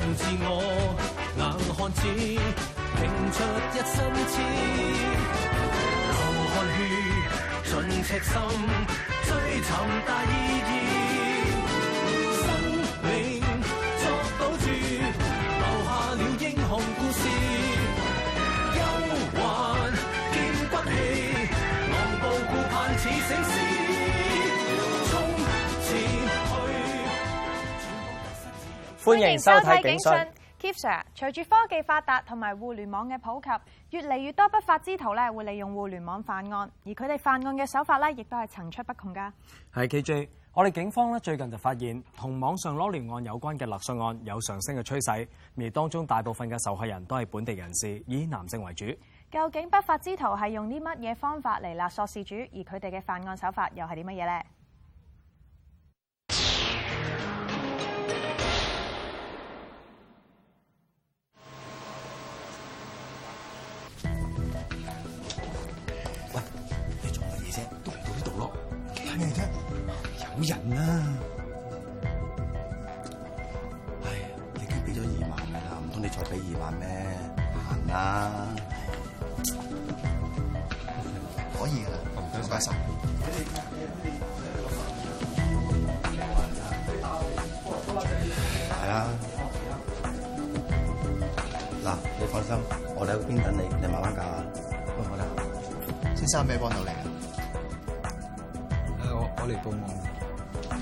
任自我，硬漢子拼出一身痴，流汗血盡赤心，追尋大意義。歡迎收睇警訊，Keep Sir 隨住科技發達同埋互聯網嘅普及，越嚟越多不法之徒咧會利用互聯網犯案，而佢哋犯案嘅手法咧亦都係層出不窮噶。係 KJ，我哋警方咧最近就發現同網上裸聊案有關嘅勒索案有上升嘅趨勢，而當中大部分嘅受害人都係本地人士，以男性為主。究竟不法之徒係用啲乜嘢方法嚟勒索事主，而佢哋嘅犯案手法又係啲乜嘢呢？唔該曬，係啦。嗱，你放心，我哋喺邊等你，你慢慢搞啊。餵我啦，先生，有咩幫到你啊？啊、呃，我我嚟報案。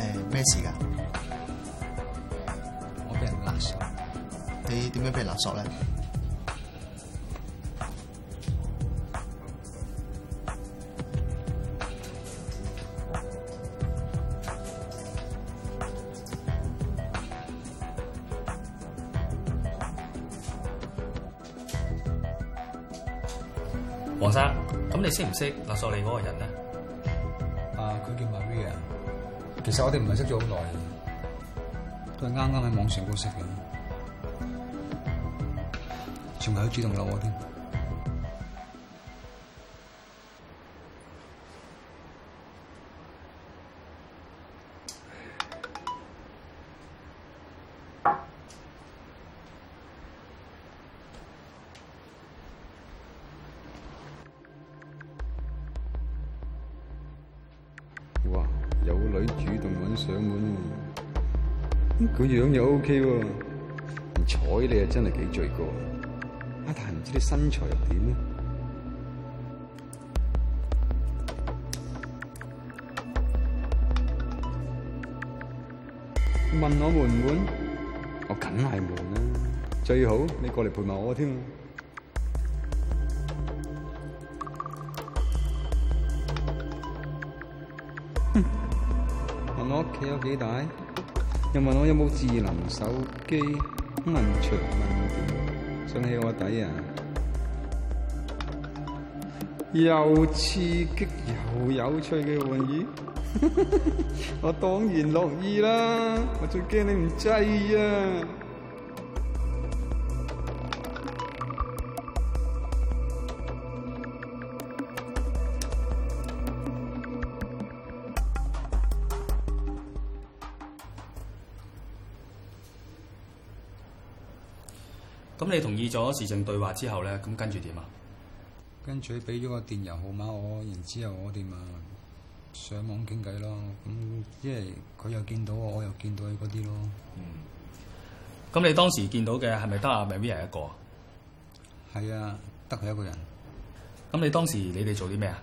誒，咩事㗎？我俾、呃、人勒索。你點樣俾人勒索咧？黃生，咁你識唔識勒索你嗰個人咧？啊，佢叫 Maria 啊。其實我哋唔係識咗好耐，都係啱啱喺網上都識嘅，仲係好主動嘍我添。O K，彩你又真係幾罪過，但係唔知你身材又點咧？問我悶唔悶，我梗係悶啦，最好你過嚟陪埋我添。問我屋企有幾大？又問我有冇有智能手機，問長問短，想起我底啊！又刺激又有，有趣嘅玩意， 我當然樂意啦！我最驚你唔制呀！咁你同意咗視像對話之後咧，咁跟住點啊？跟住俾咗個電郵號碼我，然之後我哋咪上網傾偈咯。咁即係佢又見到我，我又見到佢啲咯。嗯。咁你當時見到嘅係咪得阿 Marry 一個？係啊，得佢一個人。咁你當時你哋做啲咩啊？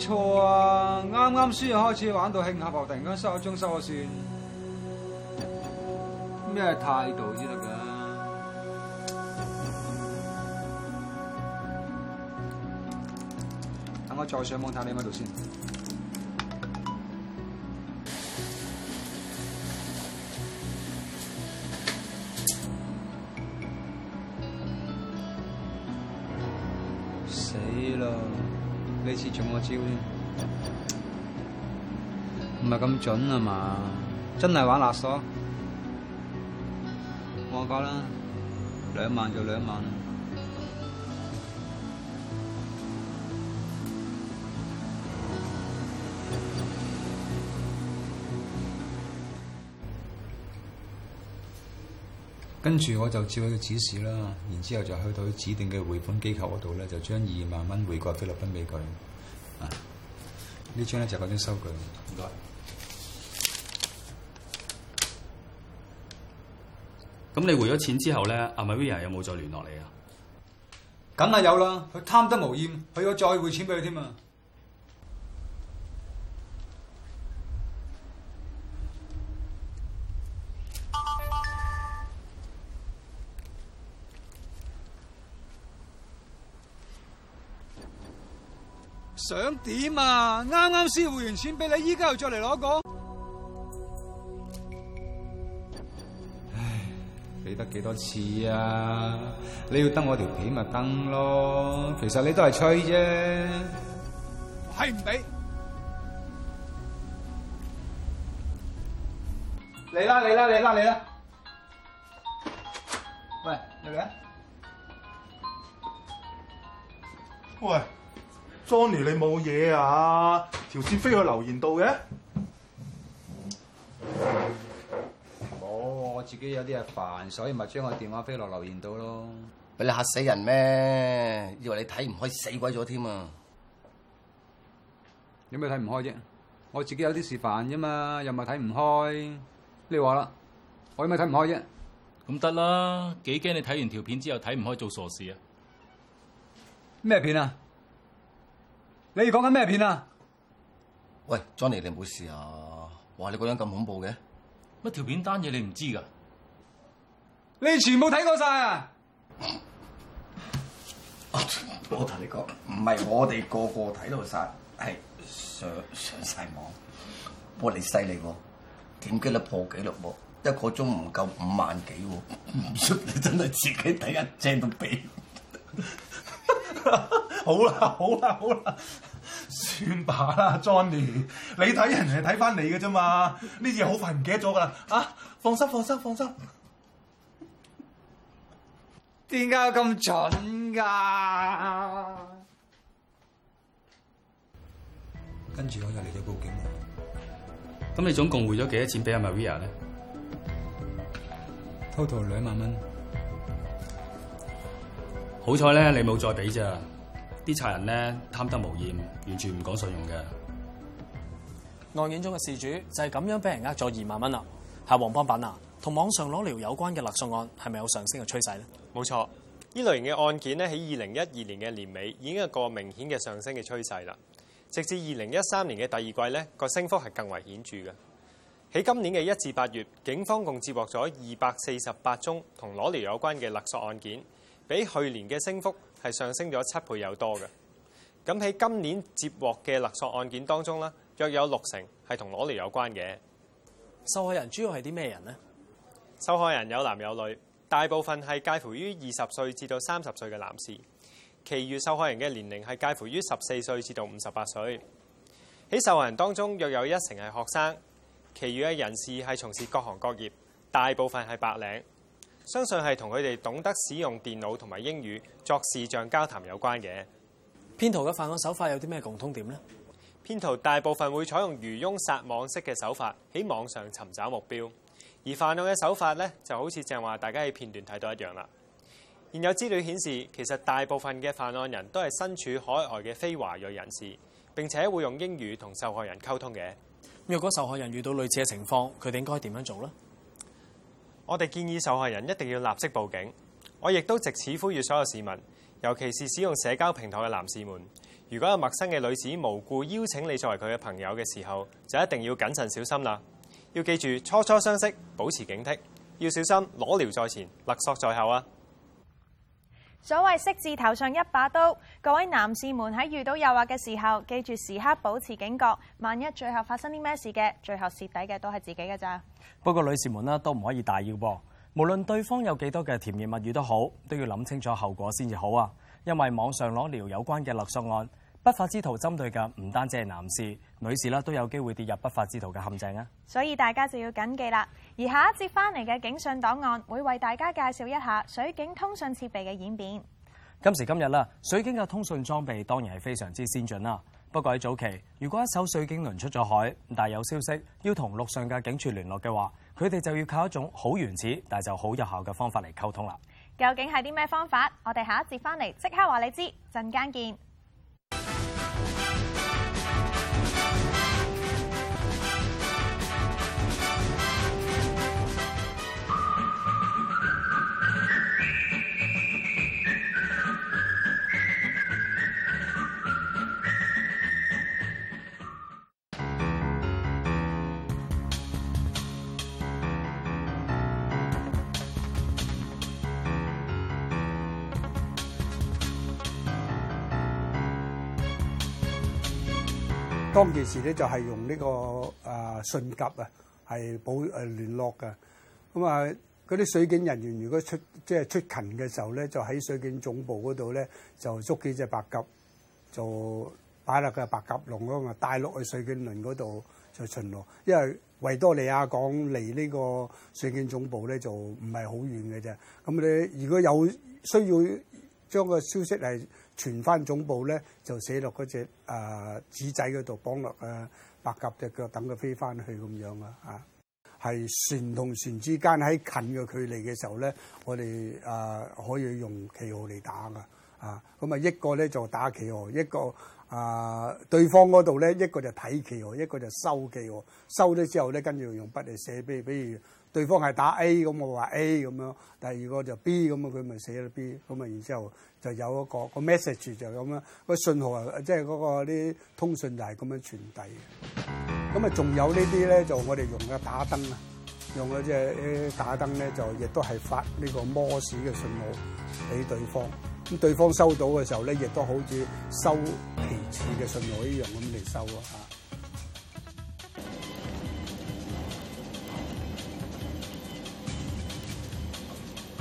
錯啊！啱啱先開始玩到慶下浮，突然間收咗鐘收咗線，咩態度先得噶？等我再上網睇你喺度先。死啦！你次中我招，唔係咁準啊嘛，真係玩勒索，我講啦，兩萬就兩萬。跟住我就照佢嘅指示啦，然之後就去到指定嘅匯款機構嗰度咧，就將二萬蚊匯過菲律賓俾佢。呢張咧就嗰張收據，唔該。咁你匯咗錢之後咧，阿 Maria 有冇再聯絡你啊？梗係有啦，佢貪得無厭，佢要再匯錢俾佢添啊！想點啊？啱啱先匯完錢俾你，依家又再嚟攞個？唉，俾得幾多次啊？你要登我條片咪登咯，其實你都係吹啫，係唔俾？嚟啦嚟啦嚟啦嚟啦！喂，有嘢？喂。s o n y 你冇嘢啊？條線飛去留言度嘅。冇，我自己有啲嘢煩，所以咪將個電話飛落留言度咯。俾你嚇死人咩？以為你睇唔開死鬼咗添啊？有咩睇唔開啫？我自己有啲事煩啫嘛，又咪睇唔開？你話啦，我有咩睇唔開啫？咁得啦，幾驚你睇完條片之後睇唔開做傻事啊？咩片啊？你哋講緊咩片啊？喂，Johnny，你冇事啊？哇，你個樣咁恐怖嘅，乜條片單嘢你唔知噶你全部睇過晒啊？我同你講，唔係我哋個個睇到晒，係上上晒網。不過你犀利喎，點擊率破紀錄喎，一個鐘唔夠五萬幾喎，唔出你真係自己睇一正到痹。 好啦，好啦，好啦，算吧啦，Johnny，你睇人係睇翻你嘅啫嘛。呢嘢好快唔記得咗噶啦，啊，放心，放心，放心。點解咁蠢㗎？跟住我又嚟到報警，咁你總共匯咗幾多錢俾阿 Maria 咧？嗯，Total 兩萬蚊。好彩咧，你冇再俾咋。啲賊人呢，貪得無厭，完全唔講信用嘅。案件中嘅事主就係咁樣俾人呃咗二萬蚊啦，吓黃邦柏啊。同網上裸聊有關嘅勒索案係咪有上升嘅趨勢呢？冇錯，呢類型嘅案件呢，喺二零一二年嘅年尾已經有個明顯嘅上升嘅趨勢啦。直至二零一三年嘅第二季呢，個升幅係更為顯著嘅。喺今年嘅一至八月，警方共接獲咗二百四十八宗同裸聊有關嘅勒索案件，比去年嘅升幅。係上升咗七倍有多嘅，咁喺今年接獲嘅勒索案件當中咧，約有六成係同裸聊有關嘅。受害人主要係啲咩人咧？受害人有男有女，大部分係介乎於二十歲至到三十歲嘅男士，其餘受害人嘅年齡係介乎於十四歲至到五十八歲。喺受害人當中，約有一成係學生，其餘嘅人士係從事各行各業，大部分係白領。相信係同佢哋懂得使用電腦同埋英語作視像交談有關嘅。騙徒嘅犯案手法有啲咩共通點呢？騙徒大部分會採用漁翁撒網式嘅手法，喺網上尋找目標。而犯案嘅手法咧，就好似淨係話大家喺片段睇到一樣啦。現有資料顯示，其實大部分嘅犯案人都係身處海外嘅非華裔人士，並且會用英語同受害人溝通嘅。若果受害人遇到類似嘅情況，佢哋應該點樣做呢？我哋建議受害人一定要立即報警。我亦都藉此呼籲所有市民，尤其是使用社交平台嘅男士們，如果有陌生嘅女子無故邀請你作為佢嘅朋友嘅時候，就一定要謹慎小心啦。要記住，初初相識，保持警惕，要小心裸聊在前，勒索在後啊！所謂色字頭上一把刀，各位男士們喺遇到誘惑嘅時候，記住時刻保持警覺。萬一最後發生啲咩事嘅，最後蝕底嘅都係自己㗎咋。不過女士們啦，都唔可以大意，無論對方有幾多嘅甜言蜜語都好，都要諗清楚後果先至好啊。因為網上裸聊有關嘅勒索案，不法之徒針對嘅唔單止係男士。女士啦，都有機會跌入不法之徒嘅陷阱啊！所以大家就要謹記啦。而下一節翻嚟嘅警訊檔案，會為大家介紹一下水警通訊設備嘅演變。今時今日啦，水警嘅通訊裝備當然係非常之先進啦。不過喺早期，如果一艘水警輪出咗海，但有消息要同陸上嘅警署聯絡嘅話，佢哋就要靠一種好原始但就好有效嘅方法嚟溝通啦。究竟係啲咩方法？我哋下一節翻嚟即刻話你知，陣間見。當其時咧就係用呢、這個啊信鴿啊，係、啊、保誒、啊、聯絡嘅。咁啊，嗰啲水警人員如果出即係出勤嘅時候咧，就喺水警總部嗰度咧，就捉幾隻白鴿，就擺落個白鴿籠，咁啊，帶落去水警輪嗰度就巡邏。因為維多利亞港離呢個水警總部咧就唔係好遠嘅啫。咁你如果有需要將個消息係，傳翻總部咧，就寫落嗰隻誒紙仔嗰度，綁落誒白鴿隻腳，等佢飛翻去咁樣啊！係船同船之間喺近嘅距離嘅時候咧，我哋誒、呃、可以用旗號嚟打噶啊！咁啊一個咧就打旗號，一個。啊、呃！對方嗰度咧，一個就睇旗，一個就收旗。收咗之後咧，跟住用筆嚟寫，比如對方係打 A 咁，我話 A 咁樣。第二個就 B 咁啊，佢咪寫咗 B 咁啊。然之後就有一個一個 message 就咁樣，個信號即係嗰個啲通訊就係咁樣傳遞嘅。咁啊，仲有呢啲咧，就我哋用嘅打燈啊，用嘅即係打燈咧，就亦都係發呢個摩斯嘅信號俾對方。咁對方收到嘅時候咧，亦都好似收其次嘅信號一樣咁嚟收咯嚇。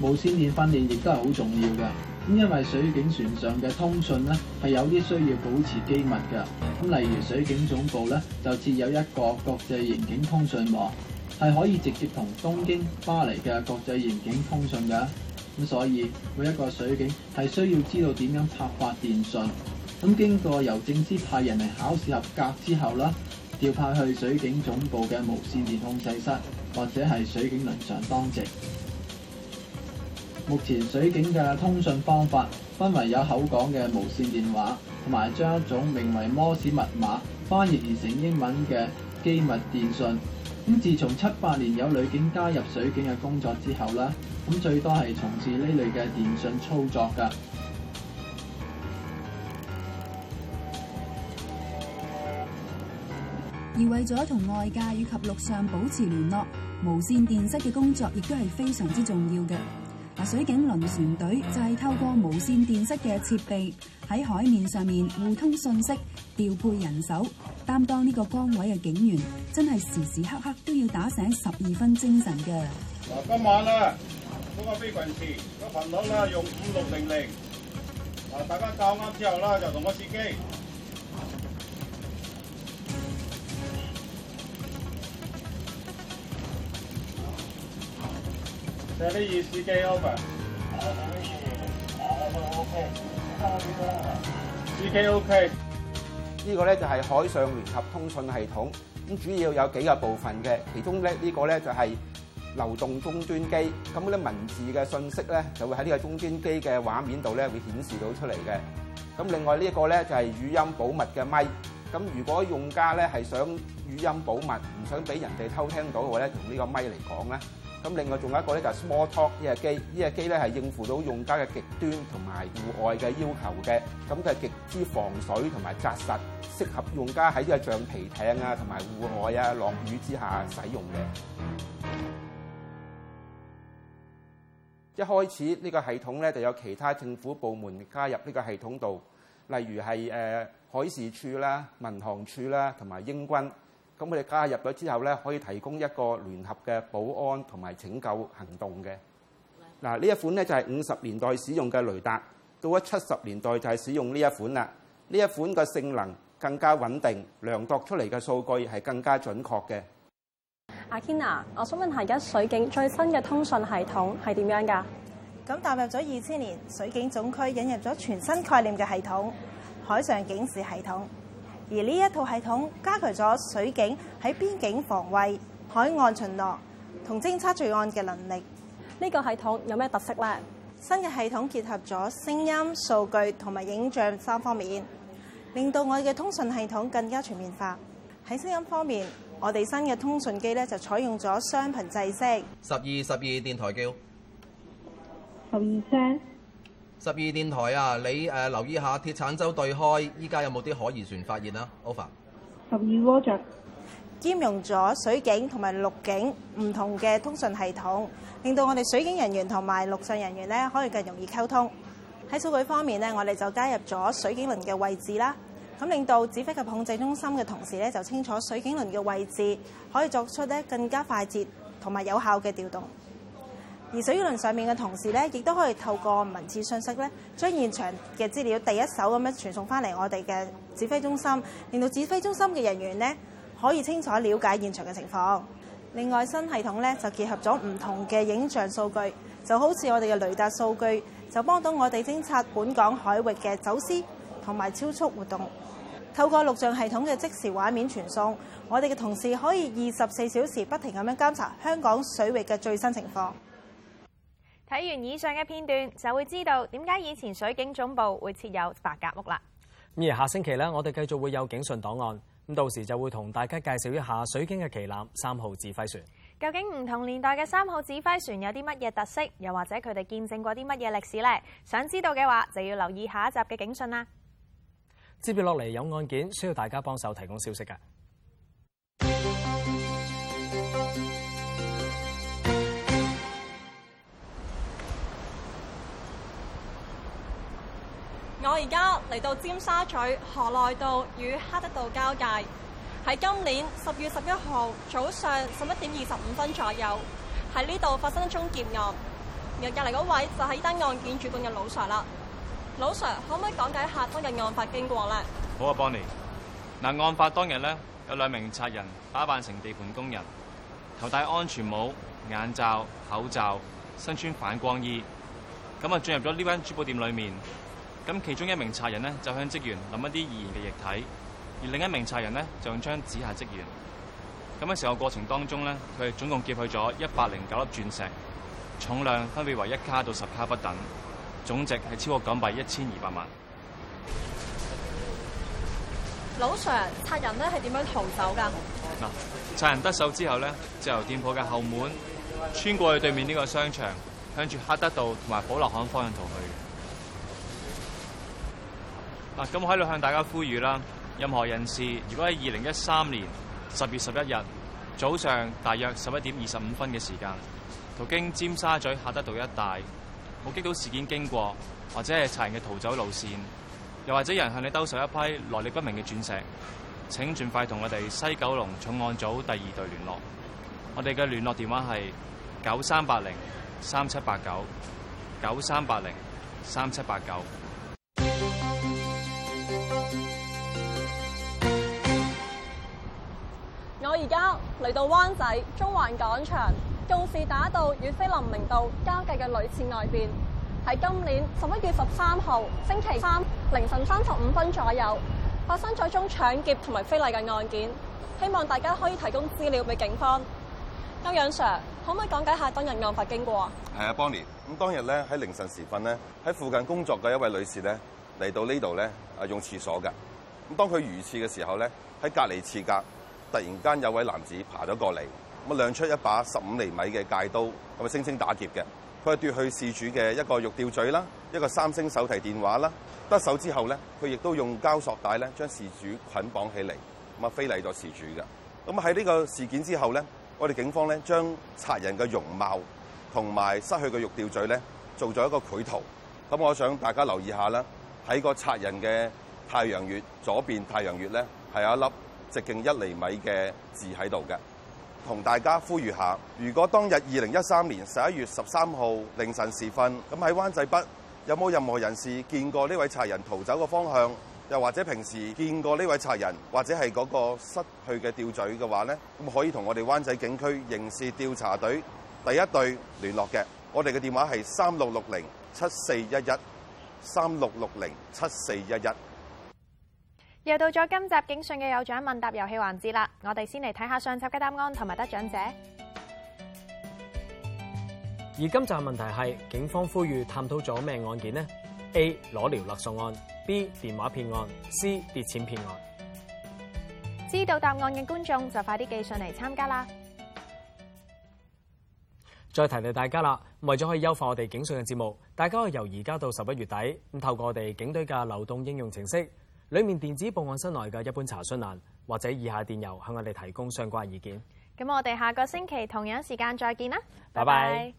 無線電訓練亦都係好重要㗎，咁因為水警船上嘅通訊咧係有啲需要保持機密㗎。咁例如水警總部咧就設有一個國際刑警通訊網，係可以直接同東京、巴黎嘅國際刑警通訊㗎。咁所以每一個水警係需要知道點樣拍發電訊。咁經過郵政司派人嚟考試合格之後啦，調派去水警總部嘅無線電控制室或者係水警輪上當值。目前水警嘅通訊方法，分為有口講嘅無線電話，同埋將一種名為摩斯密碼翻譯而成英文嘅機密電訊。咁自從七八年有女警加入水警嘅工作之後咧，咁最多係從事呢類嘅電訊操作噶。而為咗同外界以及陸上保持聯絡，無線電室嘅工作亦都係非常之重要嘅。嗱，水警輪船隊就係透過無線電室嘅設備喺海面上面互通信息，調配人手。擔當呢個崗位嘅警員，真係時時刻刻都要打醒十二分精神嘅。嗱，今晚啦，嗰個飛群士，嗰個頻率啦，用五六零零。嗱，大家教啱之後啦，就同我試機。就畀你試機 over。二，都 OK。二 K OK。呢個咧就係海上聯合通訊系統，咁主要有幾個部分嘅，其中咧呢個咧就係流動終端機，咁啲文字嘅信息咧就會喺呢個終端機嘅畫面度咧會顯示到出嚟嘅，咁另外呢一個咧就係語音保密嘅咪。咁如果用家咧係想語音保密，唔想俾人哋偷聽到嘅話咧，用呢個咪嚟講咧。咁另外仲有一個咧就係 smalltalk 呢隻機，呢隻機咧係應付到用家嘅極端同埋戶外嘅要求嘅，咁佢係極之防水同埋扎實，適合用家喺呢個橡皮艇啊同埋戶外啊落雨之下使用嘅。 一開始呢、這個系統咧就有其他政府部門加入呢個系統度，例如係海事處啦、民航處啦同埋英軍。咁我哋加入咗之後咧，可以提供一個聯合嘅保安同埋拯救行動嘅。嗱，呢一款咧就係五十年代使用嘅雷達，到咗七十年代就係使用呢一款啦。呢一款嘅性能更加穩定，量度出嚟嘅數據係更加準確嘅。阿 Kenna，我想問下而家水警最新嘅通訊系統係點樣㗎？咁踏入咗二千年，水警總區引入咗全新概念嘅系統——海上警示系統。而呢一套系統加強咗水警喺邊境防衛、海岸巡邏同偵測罪案嘅能力。呢、這個系統有咩特色咧？新嘅系統結合咗聲音、數據同埋影像三方面，令到我哋嘅通訊系統更加全面化。喺聲音方面，我哋新嘅通訊機咧就採用咗雙頻制式。十二十二電台叫。十二聲。十二電台啊，你誒留意下鐵產洲對開，依家有冇啲可疑船發現啊？Over。十二鍋著，兼容咗水警同埋陸警唔同嘅通訊系統，令到我哋水警人員同埋陸上人員咧可以更容易溝通。喺數據方面咧，我哋就加入咗水警輪嘅位置啦，咁令到指揮及控制中心嘅同事咧就清楚水警輪嘅位置，可以作出咧更加快捷同埋有效嘅調動。而水輪上面嘅同事咧，亦都可以透過文字信息咧，將現場嘅資料第一手咁樣傳送翻嚟我哋嘅指揮中心，令到指揮中心嘅人員咧可以清楚了解現場嘅情況，另外，新系統咧就結合咗唔同嘅影像數據，就好似我哋嘅雷達數據就幫到我哋偵察本港海域嘅走私同埋超速活動，透過錄像系統嘅即時畫面傳送，我哋嘅同事可以二十四小時不停咁樣監察香港水域嘅最新情況。睇完以上嘅片段，就會知道點解以前水警總部會設有白鴿屋啦。咁而下星期咧，我哋繼續會有警訊檔案，咁到時就會同大家介紹一下水警嘅旗艦三號指揮船。究竟唔同年代嘅三號指揮船有啲乜嘢特色，又或者佢哋見證過啲乜嘢歷史呢？想知道嘅話，就要留意下一集嘅警訊啦。接住落嚟有案件需要大家幫手提供消息㗎。我而家嚟到尖沙咀河內道與赫德道交界。喺今年十月十一號早上十一點二十五分左右，喺呢度發生一宗劫案。而隔籬嗰位就係呢單案件主管嘅老 Sir 啦。老 Sir，可唔可以講解下當日案發經過咧？好啊，Bonnie。嗱，案發當日咧，有兩名賊人打扮成地盤工人，頭戴安全帽、眼罩、口罩，身穿反光衣，咁啊，進入咗呢間珠寶店裏面。咁其中一名賊人呢，就向職員淋一啲易燃嘅液體，而另一名賊人呢，就用槍指下職員。咁喺成個過程當中呢，佢總共劫去咗一百零九粒鑽石，重量分別為一卡到十卡不等，總值係超過港幣一千二百萬。老 Sir，賊人呢係點樣逃走㗎？嗱，賊人得手之後呢，就由店鋪嘅後門穿過去對面呢個商場，向住赫德道同埋寶勒巷方向逃去。啊！咁我喺度向大家呼籲啦，任何人士如果喺二零一三年十月十一日早上大約十一點二十五分嘅時間，途經尖沙咀下德道一帶，目擊到事件經過或者係賊人嘅逃走路線，又或者人向你兜售一批來歷不明嘅鑽石，請盡快同我哋西九龍重案組第二隊聯絡。我哋嘅聯絡電話係九三八零三七八九九三八零三七八九。而家嚟到灣仔中環廣場告士打道與菲林明道交界嘅女廁外邊，喺今年十一月十三號星期三凌晨三十五分左右，發生咗宗搶劫同埋非禮嘅案件。希望大家可以提供資料俾警方。歐陽 Sir，可唔可以講解下當日案發經過是啊？係啊 Bonnie 咁當日咧喺凌晨時分咧，喺附近工作嘅一位女士咧嚟到這裡呢度咧啊用廁所噶。咁當佢如廁嘅時候咧，喺隔籬廁格。突然間有位男子爬咗過嚟，咁亮出一把十五厘米嘅戒刀，咁啊聲稱打劫嘅。佢係奪去事主嘅一個玉吊墜啦，一個三星手提電話啦。得手之後咧，佢亦都用膠索帶咧將事主捆綁綁起嚟，咁啊非禮咗事主嘅。咁喺呢個事件之後咧，我哋警方咧將賊人嘅容貌同埋失去嘅玉吊墜咧做咗一個繪圖。咁我想大家留意一下啦，喺個賊人嘅太陽穴左邊太陽穴咧係有一粒，直徑一厘米嘅字喺度嘅，同大家呼籲下，如果當日二零一三年十一月十三號凌晨時分，咁喺灣仔北有冇任何人士見過呢位賊人逃走嘅方向，又或者平時見過呢位賊人，或者係嗰個失去嘅吊墜嘅話呢，咁可以同我哋灣仔警區刑事調查隊第一隊聯絡嘅。我哋嘅電話係三六六零七四一一，三六六零七四一一。又到咗今集警訊嘅有獎問答遊戲環節啦！我哋先嚟睇下上集嘅答案同埋得獎者。而今集嘅問題係警方呼籲探討咗咩案件呢？A. 裸聊勒索案，B. 電話騙案，C. 跌錢騙案。知道答案嘅觀眾就快啲寄上嚟參加啦！再提提大家啦，為咗可以優化我哋警訊嘅節目，大家可以由而家到十一月底咁透過我哋警隊嘅流動應用程式。裏面電子報案室內嘅一般查詢欄或者以下電郵，向我哋提供相關意見。咁我哋下個星期同樣時間再見啦，拜拜。